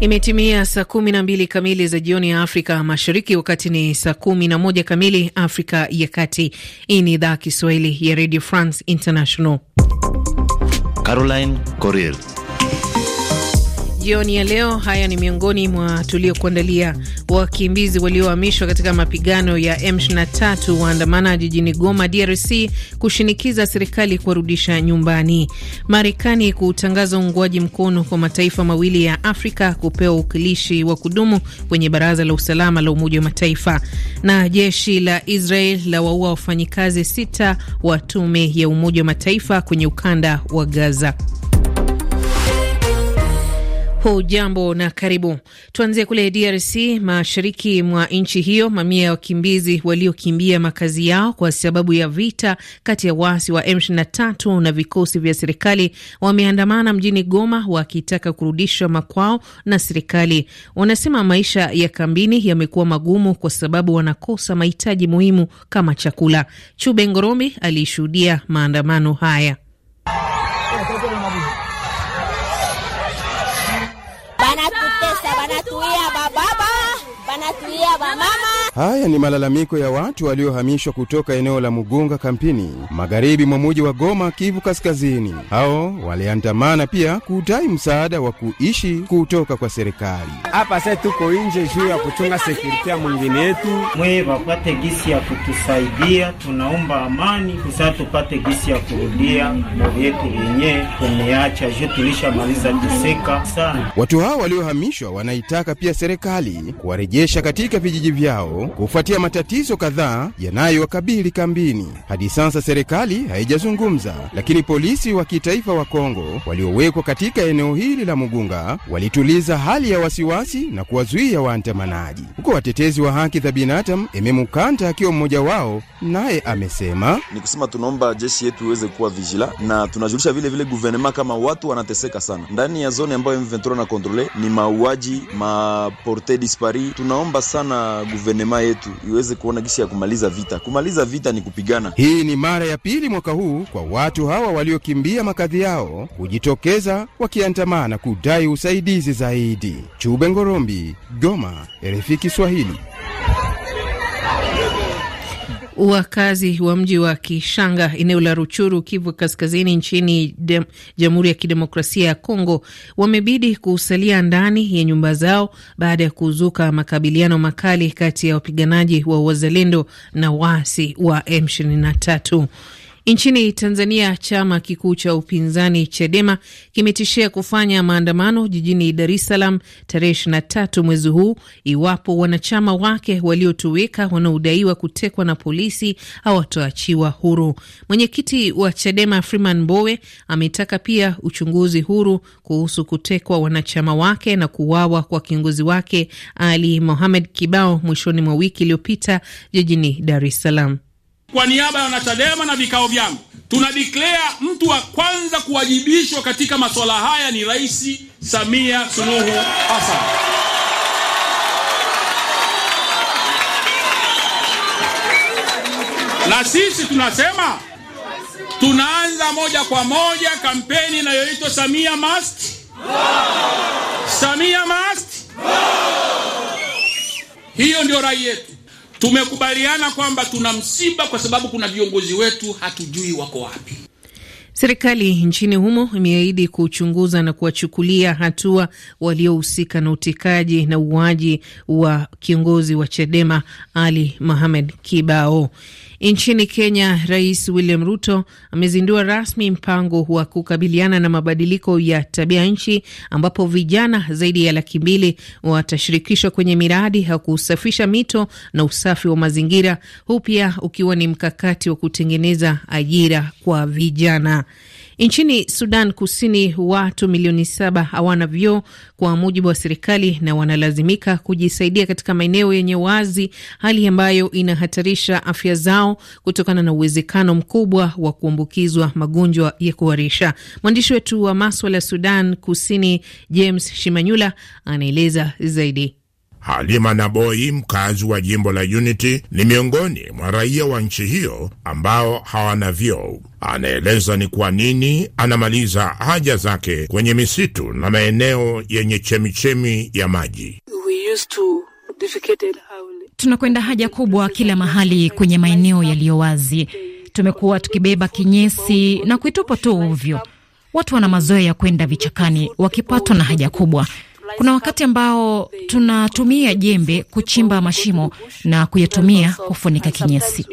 Imetimia saa kumi na mbili kamili za jioni ya Afrika Mashariki, wakati ni saa kumi na moja kamili Afrika ya Kati. Hii ni idhaa Kiswahili ya Radio France International. Caroline Coril Jioni ya leo, haya ni miongoni mwa tuliokuandalia. Wakimbizi waliohamishwa katika mapigano ya M23 waandamana jijini Goma, DRC, kushinikiza serikali kuwarudisha nyumbani. Marekani kutangaza uungwaji mkono kwa mataifa mawili ya Afrika kupewa uwakilishi wa kudumu kwenye Baraza la Usalama la Umoja wa Mataifa. Na jeshi la Israel la waua wafanyikazi sita wa tume ya Umoja wa Mataifa kwenye ukanda wa Gaza. Hujambo na karibu. Tuanzie kule DRC, mashariki mwa nchi hiyo. Mamia ya wakimbizi waliokimbia makazi yao kwa sababu ya vita kati ya waasi wa M23 na vikosi vya serikali wameandamana mjini Goma wakitaka kurudishwa makwao na serikali. Wanasema maisha ya kambini yamekuwa magumu kwa sababu wanakosa mahitaji muhimu kama chakula. Chube Ngorombi alishuhudia maandamano haya. mamá. Haya ni malalamiko ya watu waliohamishwa kutoka eneo la Mugunga kampini, magharibi mwa muji wa Goma, Kivu Kaskazini. Hao waliandamana pia kudai msaada wa kuishi kutoka kwa serikali. Hapa se tuko nje juu ya kuchunga sekurite ya mwingine yetu, mweye wapate gisi ya kutusaidia. Tunaomba amani kusaa tupate gisi ya kurudia mori yetu yenyewe tumeacha juu, tulishamaliza kuseka sana. Watu hao waliohamishwa wanaitaka pia serikali kuwarejesha katika vijiji vyao kufuatia matatizo kadhaa yanayowakabili kambini. Hadi sasa serikali haijazungumza, lakini polisi wa kitaifa wa Kongo waliowekwa katika eneo hili la Mugunga walituliza hali ya wasiwasi na kuwazuia waandamanaji, huko watetezi wa haki za binadamu Ememukanta akiwa mmoja wao, naye amesema ni kusema, tunaomba jeshi yetu iweze kuwa vigila na tunajulisha vile vile guvernema kama watu wanateseka sana ndani ya zone ambayo M23 na kontrole ni mauaji maporte dispari. Tunaomba sana guvernema jamaa yetu iweze kuona gisi ya kumaliza vita. Kumaliza vita ni kupigana. Hii ni mara ya pili mwaka huu kwa watu hawa waliokimbia makazi yao kujitokeza wakiandamana kudai usaidizi zaidi. Chube Ngorombi, Goma, RFI Kiswahili. Wakazi wa mji wa Kishanga, eneo la Ruchuru, Kivu Kaskazini, nchini Jamhuri ya Kidemokrasia ya Kongo, wamebidi kusalia ndani ya nyumba zao baada ya kuzuka makabiliano makali kati ya wapiganaji wa Wazalendo na waasi wa M23. Nchini Tanzania, chama kikuu cha upinzani Chadema kimetishia kufanya maandamano jijini Dar es Salaam tarehe 23 mwezi huu iwapo wanachama wake waliotoweka wanaodaiwa kutekwa na polisi hawatoachiwa huru. Mwenyekiti wa Chadema Freeman Mbowe ametaka pia uchunguzi huru kuhusu kutekwa wanachama wake na kuuawa kwa kiongozi wake Ali Mohamed Kibao mwishoni mwa wiki iliyopita jijini Dar es Salaam. Kwa niaba ya wanachadema na vikao vyangu, tuna declare mtu wa kwanza kuwajibishwa katika masuala haya ni Rais Samia Suluhu Hassan. Na sisi tunasema tunaanza moja kwa moja kampeni inayoitwa Samia Must. Samia Must. Hiyo ndio rai yetu. Tumekubaliana kwamba tuna msiba kwa sababu kuna viongozi wetu hatujui wako wapi. Serikali nchini humo imeahidi kuchunguza na kuwachukulia hatua waliohusika na utekaji na uuaji wa kiongozi wa Chadema Ali Mohamed Kibao. Nchini Kenya, Rais William Ruto amezindua rasmi mpango wa kukabiliana na mabadiliko ya tabia nchi, ambapo vijana zaidi ya laki mbili watashirikishwa kwenye miradi ya kusafisha mito na usafi wa mazingira, huu pia ukiwa ni mkakati wa kutengeneza ajira kwa vijana. Nchini Sudan Kusini, watu milioni saba hawana vyoo kwa mujibu wa serikali na wanalazimika kujisaidia katika maeneo yenye wazi, hali ambayo inahatarisha afya zao kutokana na uwezekano mkubwa wa kuambukizwa magonjwa ya kuharisha. Mwandishi wetu wa maswala ya Sudan Kusini James Shimanyula anaeleza zaidi. Halima Naboi, mkazi wa jimbo la Unity, ni miongoni mwa raia wa nchi hiyo ambao hawana vyoo. Anaeleza ni kwa nini anamaliza haja zake kwenye misitu na maeneo yenye chemichemi ya maji. Tunakwenda haja kubwa kila mahali kwenye maeneo yaliyo wazi. Tumekuwa tukibeba kinyesi na kuitupa tu ovyo. Watu wana mazoea ya kwenda vichakani wakipatwa na haja kubwa kuna wakati ambao tunatumia jembe kuchimba mashimo na kuyatumia kufunika kinyesi.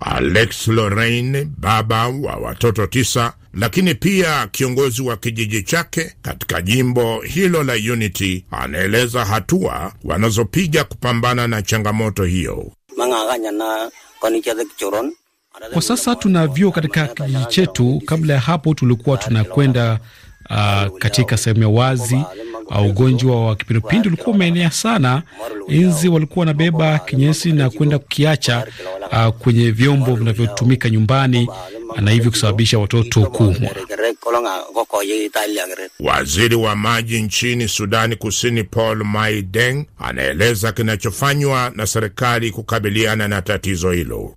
Alex Lorraine, baba wa watoto tisa, lakini pia kiongozi wa kijiji chake katika jimbo hilo la Unity, anaeleza hatua wanazopiga kupambana na changamoto hiyo. Kwa sasa tuna vyuo katika kijiji chetu. Kabla ya hapo tulikuwa tunakwenda uh, katika sehemu ya wazi. Uh, ugonjwa wa kipindupindu ulikuwa umeenea sana. Nzi walikuwa wanabeba kinyesi na kwenda kukiacha uh, kwenye vyombo vinavyotumika nyumbani uh, na hivyo kusababisha watoto kuumwa. Waziri wa maji nchini Sudani Kusini Paul Maideng, anaeleza kinachofanywa na serikali kukabiliana na tatizo hilo.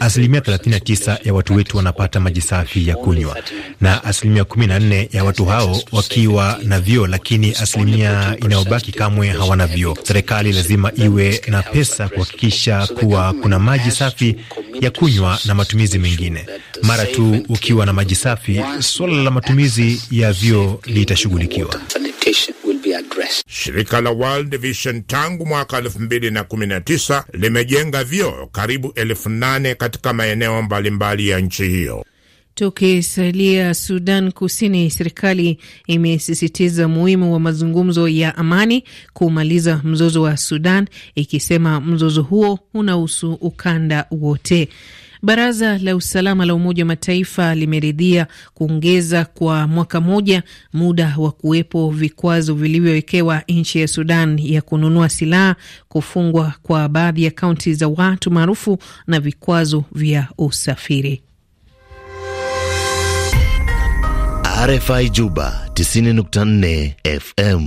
Asilimia 39 ya watu wetu wanapata maji safi ya kunywa, na asilimia 14 ya watu hao wakiwa na vyoo, lakini asilimia inayobaki kamwe hawana vyoo. Serikali lazima iwe na pesa kuhakikisha kuwa kuna maji safi ya kunywa na matumizi mengine. Mara tu ukiwa na maji safi, suala la matumizi ya vyoo litashughulikiwa. Shirika la World Vision tangu mwaka 2019 limejenga vyoo karibu elfu nane katika maeneo mbalimbali ya nchi hiyo. Tukisalia Sudan Kusini, serikali imesisitiza umuhimu wa mazungumzo ya amani kumaliza mzozo wa Sudan, ikisema mzozo huo unahusu ukanda wote. Baraza la usalama la Umoja wa Mataifa limeridhia kuongeza kwa mwaka mmoja muda wa kuwepo vikwazo vilivyowekewa nchi ya Sudan ya kununua silaha, kufungwa kwa baadhi ya kaunti za watu maarufu na vikwazo vya usafiri. RFI Juba 90.4 FM,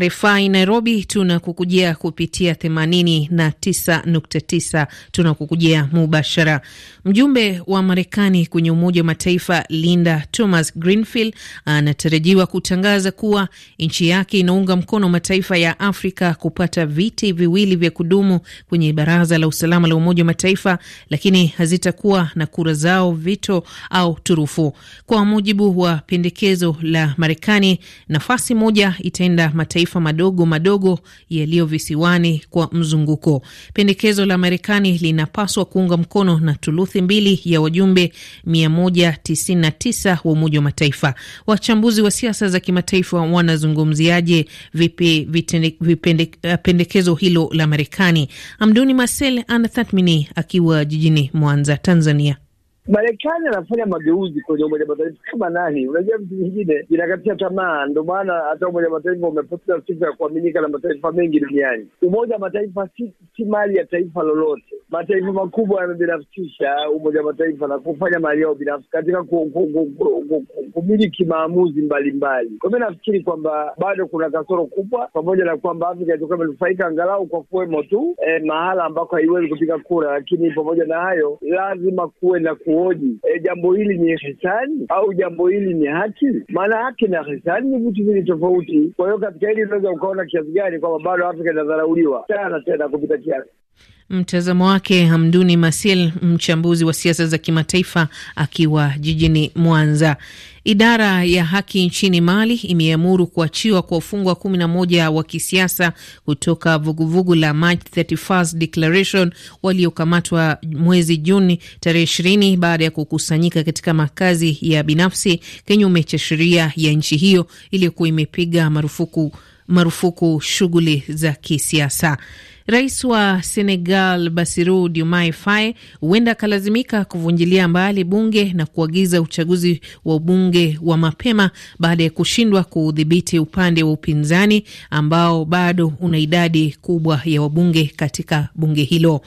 RFI Nairobi tunakukujia kupitia 89.9. Tunakukujia mubashara. Mjumbe wa Marekani kwenye Umoja wa Mataifa Linda Thomas Greenfield anatarajiwa kutangaza kuwa nchi yake inaunga mkono mataifa ya Afrika kupata viti viwili vya kudumu kwenye Baraza la Usalama la Umoja wa Mataifa, lakini hazitakuwa na kura zao, vito au turufu kwa mujibu wa pendekezo la Marekani, nafasi moja itaenda mataifa madogo madogo yaliyo visiwani kwa mzunguko. Pendekezo la Marekani linapaswa kuunga mkono na thuluthi mbili ya wajumbe 199 wa Umoja wa Mataifa. Wachambuzi wa siasa za kimataifa wanazungumziaje eh, pendekezo hilo la Marekani? Amduni Marcel anathathmini akiwa jijini Mwanza, Tanzania. Marekani anafanya mageuzi kwenye Umoja Mataifa kama nani? Unajua, vitu vingine vinakatia tamaa. Ndo maana hata Umoja wa Mataifa umepoteza sifa ya kuaminika na mataifa mengi duniani. Umoja wa Mataifa si, si mali ya taifa lolote mataifa makubwa yamebinafsisha Umoja wa Mataifa na kufanya mali yao binafsi katika kumiliki maamuzi mbalimbali. Kwa mi nafikiri kwamba bado kuna kasoro kubwa, pamoja na kwamba Afrika itakuwa imenufaika angalau kwa kuwemo tu e, mahala ambako haiwezi kupiga kura, lakini pamoja na hayo lazima kuwe na kuoji, e, eh, jambo hili ni hisani au jambo hili ni haki? Maana haki na hisani ni vitu vili tofauti. Kwa hiyo katika hili unaweza ukaona kiasi gani kwamba bado Afrika inadharauliwa sana tena kupita kiasi. Mtazamo wake Hamduni Masil, mchambuzi wa siasa za kimataifa akiwa jijini Mwanza. Idara ya haki nchini Mali imeamuru kuachiwa kwa wafungwa kumi na moja wa kisiasa kutoka vuguvugu la March 31st Declaration waliokamatwa mwezi Juni tarehe ishirini baada ya kukusanyika katika makazi ya binafsi kinyume cha sheria ya nchi hiyo iliyokuwa imepiga marufuku marufuku shughuli za kisiasa. Rais wa Senegal Bassirou Diomaye Faye huenda akalazimika kuvunjilia mbali bunge na kuagiza uchaguzi wa ubunge wa mapema baada ya kushindwa kuudhibiti upande wa upinzani ambao bado una idadi kubwa ya wabunge katika bunge hilo.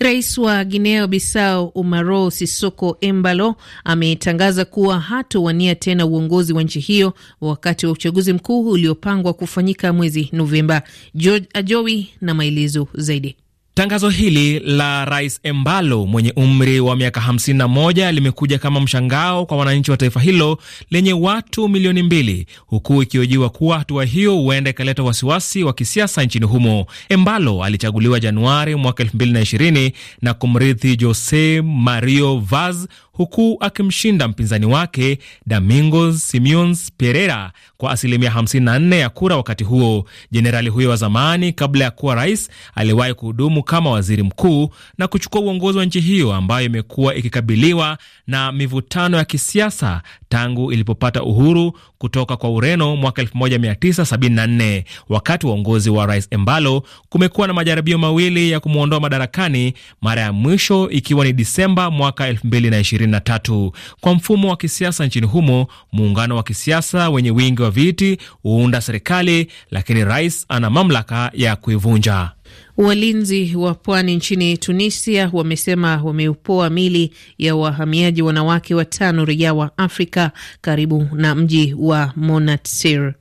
Rais wa Guinea Bissau Umaro Sisoko Embalo ametangaza kuwa hatowania tena uongozi wa nchi hiyo wakati wa uchaguzi mkuu uliopangwa kufanyika mwezi Novemba. George Ajowi na maelezo zaidi. Tangazo hili la Rais Embalo mwenye umri wa miaka 51 limekuja kama mshangao kwa wananchi wa taifa hilo lenye watu milioni mbili, huku ikiojiwa kuwa hatua hiyo huenda ikaleta wasiwasi wa kisiasa nchini humo. Embalo alichaguliwa Januari mwaka 2020 na kumrithi Jose Mario Vaz huku akimshinda mpinzani wake Domingos Simions Pereira kwa asilimia 54 ya kura wakati huo. Jenerali huyo wa zamani, kabla ya kuwa rais, aliwahi kuhudumu kama waziri mkuu na kuchukua uongozi wa nchi hiyo ambayo imekuwa ikikabiliwa na mivutano ya kisiasa tangu ilipopata uhuru kutoka kwa Ureno mwaka 1974. Wakati wa uongozi wa rais Embalo kumekuwa na majaribio mawili ya kumwondoa madarakani, mara ya mwisho ikiwa ni Disemba mwaka 2020. 2023. Kwa mfumo wa kisiasa nchini humo, muungano wa kisiasa wenye wingi wa viti huunda serikali, lakini rais ana mamlaka ya kuivunja. Walinzi wa pwani nchini Tunisia wamesema wameupoa mili ya wahamiaji wanawake watano raia wa Afrika karibu na mji wa Monatsir.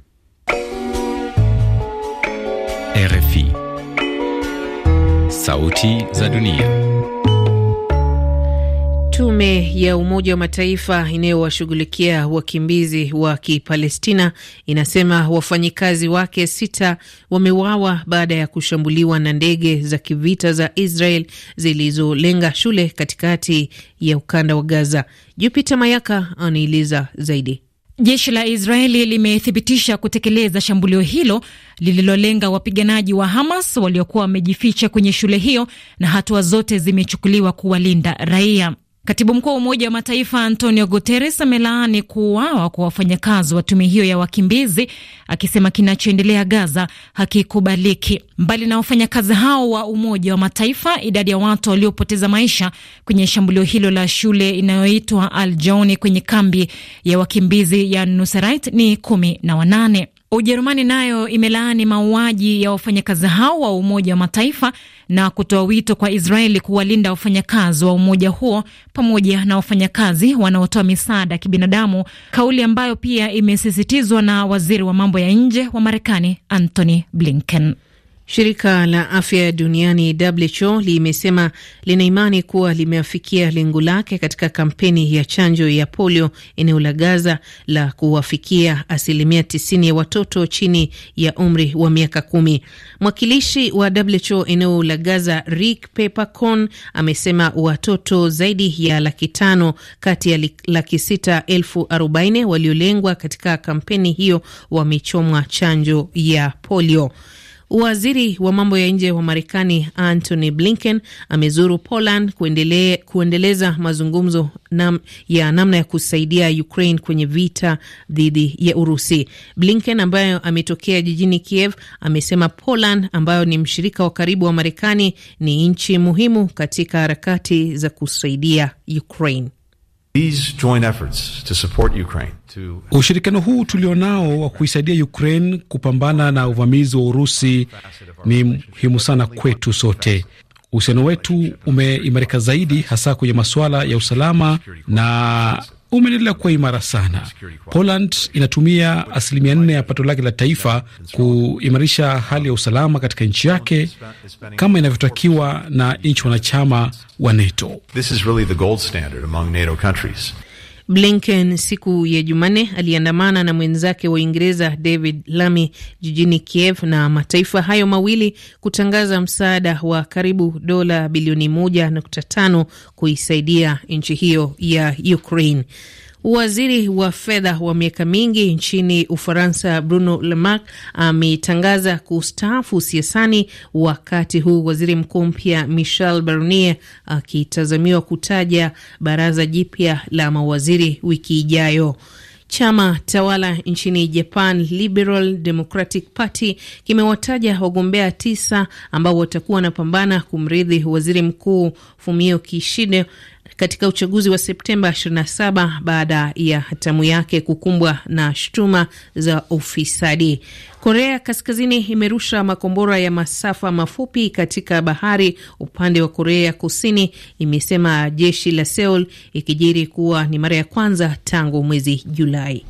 RFI, Sauti za Dunia. Tume ya Umoja wa Mataifa inayowashughulikia wakimbizi wa Kipalestina inasema wafanyikazi wake sita wameuawa baada ya kushambuliwa na ndege za kivita za Israel zilizolenga shule katikati ya ukanda wa Gaza. jupita Mayaka anaeleza zaidi. Jeshi la Israeli limethibitisha kutekeleza shambulio hilo lililolenga wapiganaji wa Hamas waliokuwa wamejificha kwenye shule hiyo na hatua zote zimechukuliwa kuwalinda raia. Katibu mkuu wa Umoja wa Mataifa Antonio Guterres amelaani kuuawa kwa wafanyakazi wa tume hiyo ya wakimbizi, akisema kinachoendelea Gaza hakikubaliki. Mbali na wafanyakazi hao wa Umoja wa Mataifa, idadi ya watu waliopoteza maisha kwenye shambulio hilo la shule inayoitwa Al Jauni kwenye kambi ya wakimbizi ya Nusairat ni kumi na wanane. Ujerumani nayo imelaani mauaji ya wafanyakazi hao wa Umoja wa Mataifa na kutoa wito kwa Israeli kuwalinda wafanyakazi wa umoja huo pamoja na wafanyakazi wanaotoa misaada ya kibinadamu, kauli ambayo pia imesisitizwa na waziri wa mambo ya nje wa Marekani Antony Blinken. Shirika la afya duniani WHO limesema lina imani kuwa limeafikia lengo lake katika kampeni ya chanjo ya polio eneo la Gaza la kuwafikia asilimia 90 ya watoto chini ya umri wa miaka kumi. Mwakilishi wa WHO eneo la Gaza Rick Peppercorn amesema watoto zaidi ya laki tano kati ya laki sita elfu arobaini waliolengwa katika kampeni hiyo wamechomwa chanjo ya polio. Waziri wa mambo ya nje wa Marekani Antony Blinken amezuru Poland kuendele, kuendeleza mazungumzo nam, ya namna ya kusaidia Ukraine kwenye vita dhidi ya Urusi. Blinken ambayo ametokea jijini Kiev amesema Poland ambayo ni mshirika wa karibu wa Marekani ni nchi muhimu katika harakati za kusaidia Ukraine. Ushirikiano huu tulionao wa kuisaidia Ukraine kupambana na uvamizi wa Urusi ni muhimu sana kwetu sote. Uhusiano wetu umeimarika zaidi, hasa kwenye masuala ya usalama na umeendelea kuwa imara sana. Poland inatumia asilimia nne ya pato lake la taifa kuimarisha hali ya usalama katika nchi yake kama inavyotakiwa na nchi wanachama wa NATO. This is really the gold standard among NATO countries. Blinken siku ya Jumanne aliandamana na mwenzake wa Uingereza David Lammy jijini Kiev na mataifa hayo mawili kutangaza msaada wa karibu dola bilioni moja nukta tano kuisaidia nchi hiyo ya Ukraine. Waziri wa fedha wa miaka mingi nchini Ufaransa, Bruno Le Maire, ametangaza kustaafu siasani, wakati huu waziri mkuu mpya Michel Barnier akitazamiwa kutaja baraza jipya la mawaziri wiki ijayo. Chama tawala nchini Japan, Liberal Democratic Party, kimewataja wagombea tisa ambao watakuwa wanapambana kumrithi waziri mkuu Fumio Kishida katika uchaguzi wa Septemba 27 baada ya hatamu yake kukumbwa na shutuma za ufisadi. Korea Kaskazini imerusha makombora ya masafa mafupi katika bahari upande wa Korea Kusini, imesema jeshi la Seoul, ikijiri kuwa ni mara ya kwanza tangu mwezi Julai.